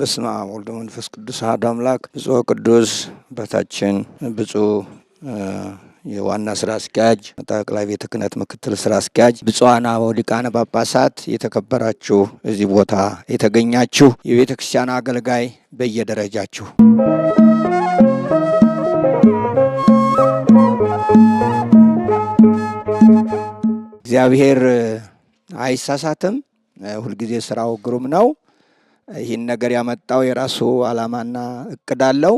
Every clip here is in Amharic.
በስመ አብ ወልድ መንፈስ ቅዱስ አሐዱ አምላክ ብፁዕ ቅዱስ አባታችን ብፁዕ የዋና ስራ አስኪያጅ ጠቅላይ ቤተ ክህነት ምክትል ስራ አስኪያጅ ብፁዓን አበው ሊቃነ ጳጳሳት፣ የተከበራችሁ እዚህ ቦታ የተገኛችሁ የቤተ ክርስቲያን አገልጋይ በየደረጃችሁ እግዚአብሔር አይሳሳትም። ሁልጊዜ ስራው ግሩም ነው። ይህን ነገር ያመጣው የራሱ ዓላማና እቅድ አለው።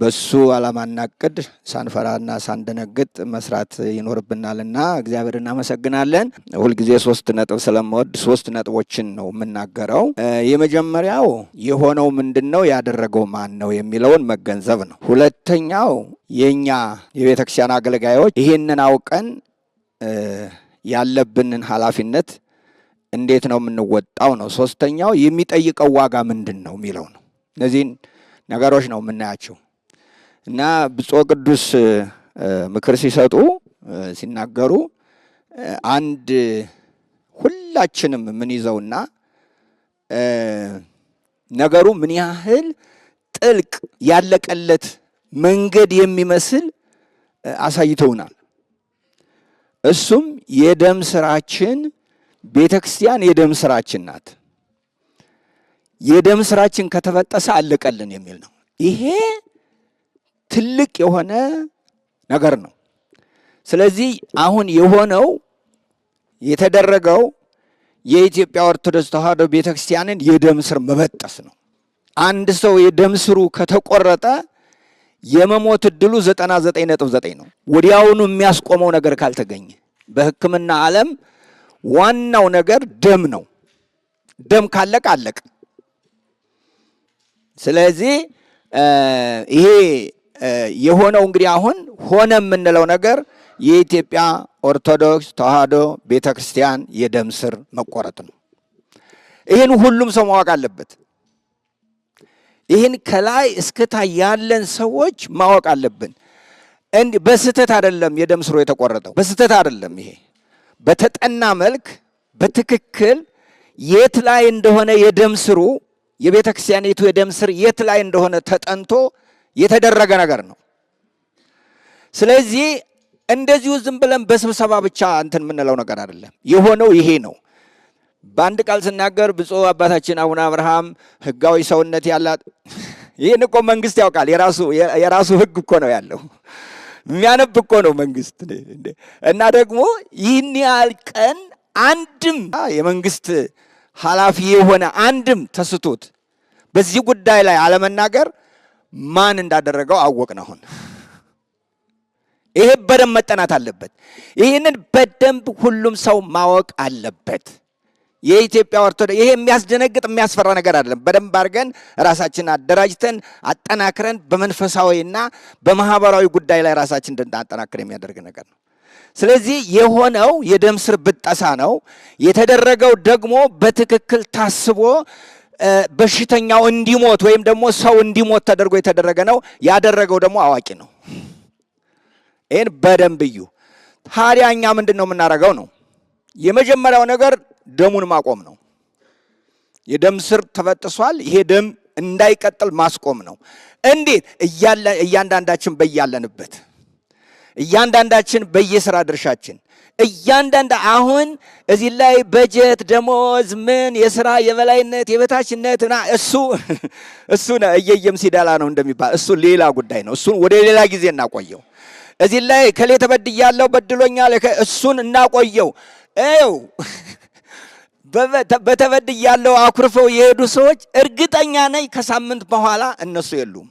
በሱ ዓላማና እቅድ ሳንፈራና ሳንደነግጥ መስራት ይኖርብናልና እግዚአብሔር እናመሰግናለን። ሁልጊዜ ሶስት ነጥብ ስለምወድ ሶስት ነጥቦችን ነው የምናገረው። የመጀመሪያው የሆነው ምንድን ነው፣ ያደረገው ማን ነው የሚለውን መገንዘብ ነው። ሁለተኛው የእኛ የቤተክርስቲያን አገልጋዮች ይህንን አውቀን ያለብንን ኃላፊነት እንዴት ነው የምንወጣው ነው። ሶስተኛው የሚጠይቀው ዋጋ ምንድን ነው የሚለው ነው። እነዚህን ነገሮች ነው የምናያቸው እና ብፁዕ ቅዱስ ምክር ሲሰጡ ሲናገሩ አንድ ሁላችንም ምን ይዘውና ነገሩ ምን ያህል ጥልቅ ያለቀለት መንገድ የሚመስል አሳይተውናል። እሱም የደም ስራችን ቤተ ክርስቲያን የደም ስራችን ናት። የደም ስራችን ከተበጠሰ አለቀልን የሚል ነው። ይሄ ትልቅ የሆነ ነገር ነው። ስለዚህ አሁን የሆነው የተደረገው የኢትዮጵያ ኦርቶዶክስ ተዋሕዶ ቤተ ክርስቲያንን የደም ስር መበጠስ ነው። አንድ ሰው የደም ስሩ ከተቆረጠ የመሞት እድሉ 99.9 ነው፣ ወዲያውኑ የሚያስቆመው ነገር ካልተገኘ በሕክምና ዓለም ዋናው ነገር ደም ነው። ደም ካለቅ አለቅ። ስለዚህ ይሄ የሆነው እንግዲህ አሁን ሆነ የምንለው ነገር የኢትዮጵያ ኦርቶዶክስ ተዋህዶ ቤተ ክርስቲያን የደም ስር መቆረጥ ነው። ይህን ሁሉም ሰው ማወቅ አለበት። ይህን ከላይ እስክታ ያለን ሰዎች ማወቅ አለብን። በስህተት አይደለም የደም ስሮ የተቆረጠው፣ በስህተት አይደለም ይሄ በተጠና መልክ በትክክል የት ላይ እንደሆነ የደም ስሩ የቤተ ክርስቲያኒቱ የደም ስር የት ላይ እንደሆነ ተጠንቶ የተደረገ ነገር ነው። ስለዚህ እንደዚሁ ዝም ብለን በስብሰባ ብቻ እንትን የምንለው ነገር አይደለም። የሆነው ይሄ ነው። በአንድ ቃል ስናገር ብፁዕ አባታችን አቡነ አብርሃም ሕጋዊ ሰውነት ያላት ይህን እኮ መንግስት ያውቃል። የራሱ ሕግ እኮ ነው ያለው የሚያነብ እኮ ነው መንግስት። እና ደግሞ ይህን ያህል ቀን አንድም የመንግስት ኃላፊ የሆነ አንድም ተስቶት በዚህ ጉዳይ ላይ አለመናገር ማን እንዳደረገው አወቅን። አሁን ይሄ በደንብ መጠናት አለበት። ይህንን በደንብ ሁሉም ሰው ማወቅ አለበት። የኢትዮጵያ ኦርቶዶክስ ይሄ የሚያስደነግጥ የሚያስፈራ ነገር አይደለም። በደንብ አድርገን ራሳችን አደራጅተን አጠናክረን በመንፈሳዊና በማህበራዊ ጉዳይ ላይ ራሳችን እንድናጠናክር የሚያደርግ ነገር ነው። ስለዚህ የሆነው የደም ስር ብጠሳ ነው የተደረገው ደግሞ በትክክል ታስቦ በሽተኛው እንዲሞት ወይም ደግሞ ሰው እንዲሞት ተደርጎ የተደረገ ነው። ያደረገው ደግሞ አዋቂ ነው። ይህን በደንብ እዩ። ታዲያ እኛ ምንድን ነው የምናደርገው ነው የመጀመሪያው ነገር ደሙን ማቆም ነው። የደም ስር ተበጥሷል። ይሄ ደም እንዳይቀጥል ማስቆም ነው። እንዴት? እያንዳንዳችን በያለንበት፣ እያንዳንዳችን በየስራ ድርሻችን፣ እያንዳንድ አሁን እዚህ ላይ በጀት፣ ደሞዝ፣ ምን የስራ የበላይነት የበታችነት ና እሱ እሱ እየየም ሲዳላ ነው እንደሚባል እሱ ሌላ ጉዳይ ነው። እሱን ወደ ሌላ ጊዜ እናቆየው። እዚህ ላይ ከሌ ተበድያለሁ በድሎኛል፣ እሱን እናቆየው። ው በተበድ ያለው አኩርፈው የሄዱ ሰዎች እርግጠኛ ነኝ ከሳምንት በኋላ እነሱ የሉም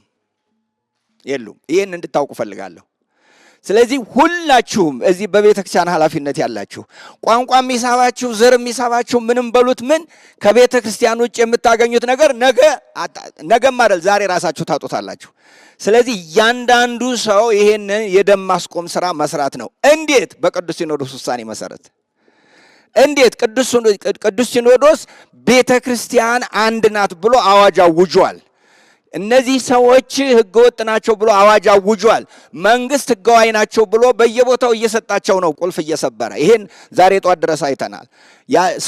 የሉም። ይህን እንድታውቁ ፈልጋለሁ። ስለዚህ ሁላችሁም እዚህ በቤተ ክርስቲያን ኃላፊነት ያላችሁ ቋንቋ የሚሳባችሁ፣ ዘር የሚሳባችሁ፣ ምንም በሉት ምን ከቤተ ክርስቲያን ውጭ የምታገኙት ነገር ነገ ነገም አይደል ዛሬ ራሳችሁ ታጡታላችሁ። ስለዚህ እያንዳንዱ ሰው ይሄንን የደም ማስቆም ስራ መስራት ነው። እንዴት? በቅዱስ ሲኖዶስ ውሳኔ መሰረት እንዴት ቅዱስ ሲኖዶስ ቤተ ክርስቲያን አንድ ናት ብሎ አዋጅ አውጇል። እነዚህ ሰዎች ህገወጥ ናቸው ብሎ አዋጅ አውጇል። መንግስት ህገዋይ ናቸው ብሎ በየቦታው እየሰጣቸው ነው፣ ቁልፍ እየሰበረ ይሄን ዛሬ ጧት ድረስ አይተናል።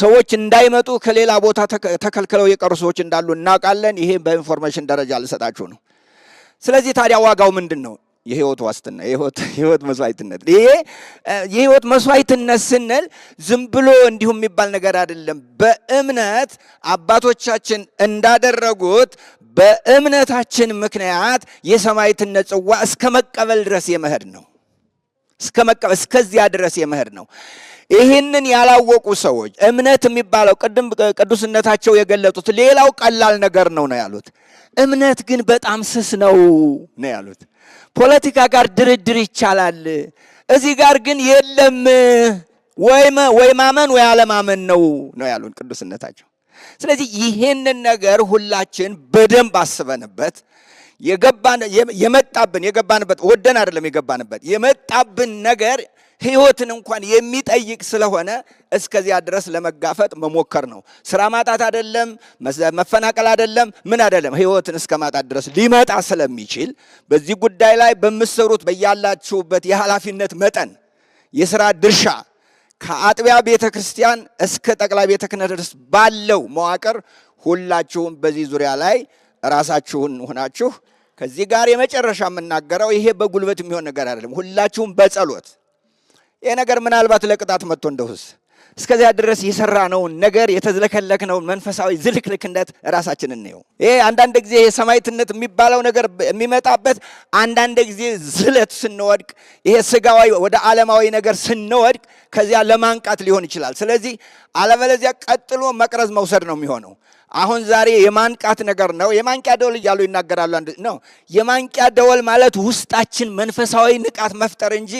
ሰዎች እንዳይመጡ ከሌላ ቦታ ተከልክለው የቀሩ ሰዎች እንዳሉ እናውቃለን። ይሄ በኢንፎርሜሽን ደረጃ ልሰጣችሁ ነው። ስለዚህ ታዲያ ዋጋው ምንድን ነው? የህይወት ዋስትና የህይወት መስዋዕትነት። ይሄ የህይወት መስዋዕትነት ስንል ዝም ብሎ እንዲሁም የሚባል ነገር አይደለም። በእምነት አባቶቻችን እንዳደረጉት በእምነታችን ምክንያት የሰማዕትነት ጽዋ እስከ መቀበል ድረስ የመሄድ ነው። እስከ መቀበል እስከዚያ ድረስ የመሄድ ነው። ይህንን ያላወቁ ሰዎች እምነት የሚባለው ቅድም ቅዱስነታቸው የገለጡት ሌላው ቀላል ነገር ነው ነው ያሉት። እምነት ግን በጣም ስስ ነው ነው ያሉት። ፖለቲካ ጋር ድርድር ይቻላል፣ እዚህ ጋር ግን የለም። ወይ ማመን ወይ አለማመን ነው ነው ያሉን ቅዱስነታቸው። ስለዚህ ይህንን ነገር ሁላችን በደንብ አስበንበት የገባን የመጣብን የገባንበት ወደን አይደለም የገባንበት የመጣብን ነገር ህይወትን እንኳን የሚጠይቅ ስለሆነ እስከዚያ ድረስ ለመጋፈጥ መሞከር ነው። ስራ ማጣት አይደለም፣ መፈናቀል አይደለም፣ ምን አይደለም፣ ህይወትን እስከ ማጣት ድረስ ሊመጣ ስለሚችል በዚህ ጉዳይ ላይ በምትሰሩት በያላችሁበት የኃላፊነት መጠን የስራ ድርሻ ከአጥቢያ ቤተ ክርስቲያን እስከ ጠቅላይ ቤተ ክህነት ድረስ ባለው መዋቅር ሁላችሁም በዚህ ዙሪያ ላይ ራሳችሁን ሆናችሁ ከዚህ ጋር የመጨረሻ የምናገረው ይሄ በጉልበት የሚሆን ነገር አይደለም። ሁላችሁም በጸሎት ይሄ ነገር ምናልባት ለቅጣት መጥቶ እንደሁስ እስከዚያ ድረስ የሰራነውን ነገር የተዝለከለክነውን መንፈሳዊ ዝልክልክነት ራሳችን እንየው። ይሄ አንዳንድ ጊዜ የሰማይትነት የሚባለው ነገር የሚመጣበት አንዳንድ ጊዜ ዝለት ስንወድቅ፣ ይሄ ስጋዊ ወደ ዓለማዊ ነገር ስንወድቅ ከዚያ ለማንቃት ሊሆን ይችላል። ስለዚህ አለበለዚያ ቀጥሎ መቅረዝ መውሰድ ነው የሚሆነው። አሁን ዛሬ የማንቃት ነገር ነው። የማንቂያ ደወል እያሉ ይናገራሉ። አንድ ነው የማንቂያ ደወል ማለት ውስጣችን መንፈሳዊ ንቃት መፍጠር እንጂ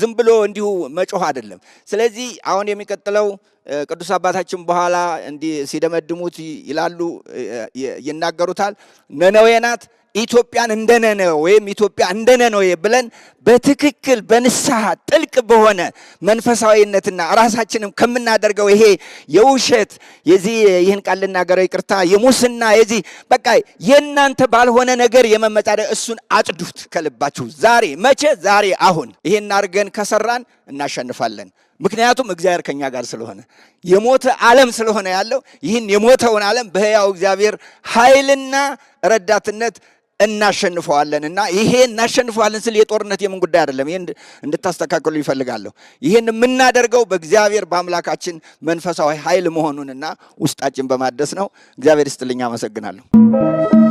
ዝም ብሎ እንዲሁ መጮህ አይደለም። ስለዚህ አሁን የሚቀጥለው ቅዱስ አባታችን በኋላ እንዲህ ሲደመድሙት ይላሉ ይናገሩታል። ነነዌ ናት ኢትዮጵያን እንደነነ ወይም ኢትዮጵያ እንደነነዌ ብለን በትክክል በንስሐ ጥልቅ በሆነ መንፈሳዊነትና ራሳችንም ከምናደርገው ይሄ የውሸት የዚህ ይህን ቃል ልናገረው ይቅርታ የሙስና የዚህ በቃ የእናንተ ባልሆነ ነገር የመመጻደቅ እሱን አጥዱት ከልባችሁ። ዛሬ መቼ? ዛሬ አሁን ይሄን አድርገን ከሰራን እናሸንፋለን። ምክንያቱም እግዚአብሔር ከኛ ጋር ስለሆነ የሞተ ዓለም ስለሆነ ያለው ይህን የሞተውን ዓለም በሕያው እግዚአብሔር ኃይልና ረዳትነት እናሸንፈዋለን እና ይሄ እናሸንፈዋለን ስል የጦርነት የምን ጉዳይ አይደለም። ይሄን እንድታስተካከሉ ይፈልጋለሁ። ይሄን የምናደርገው በእግዚአብሔር በአምላካችን መንፈሳዊ ኃይል መሆኑንና ውስጣችን በማደስ ነው። እግዚአብሔር ይስጥልኝ። አመሰግናለሁ።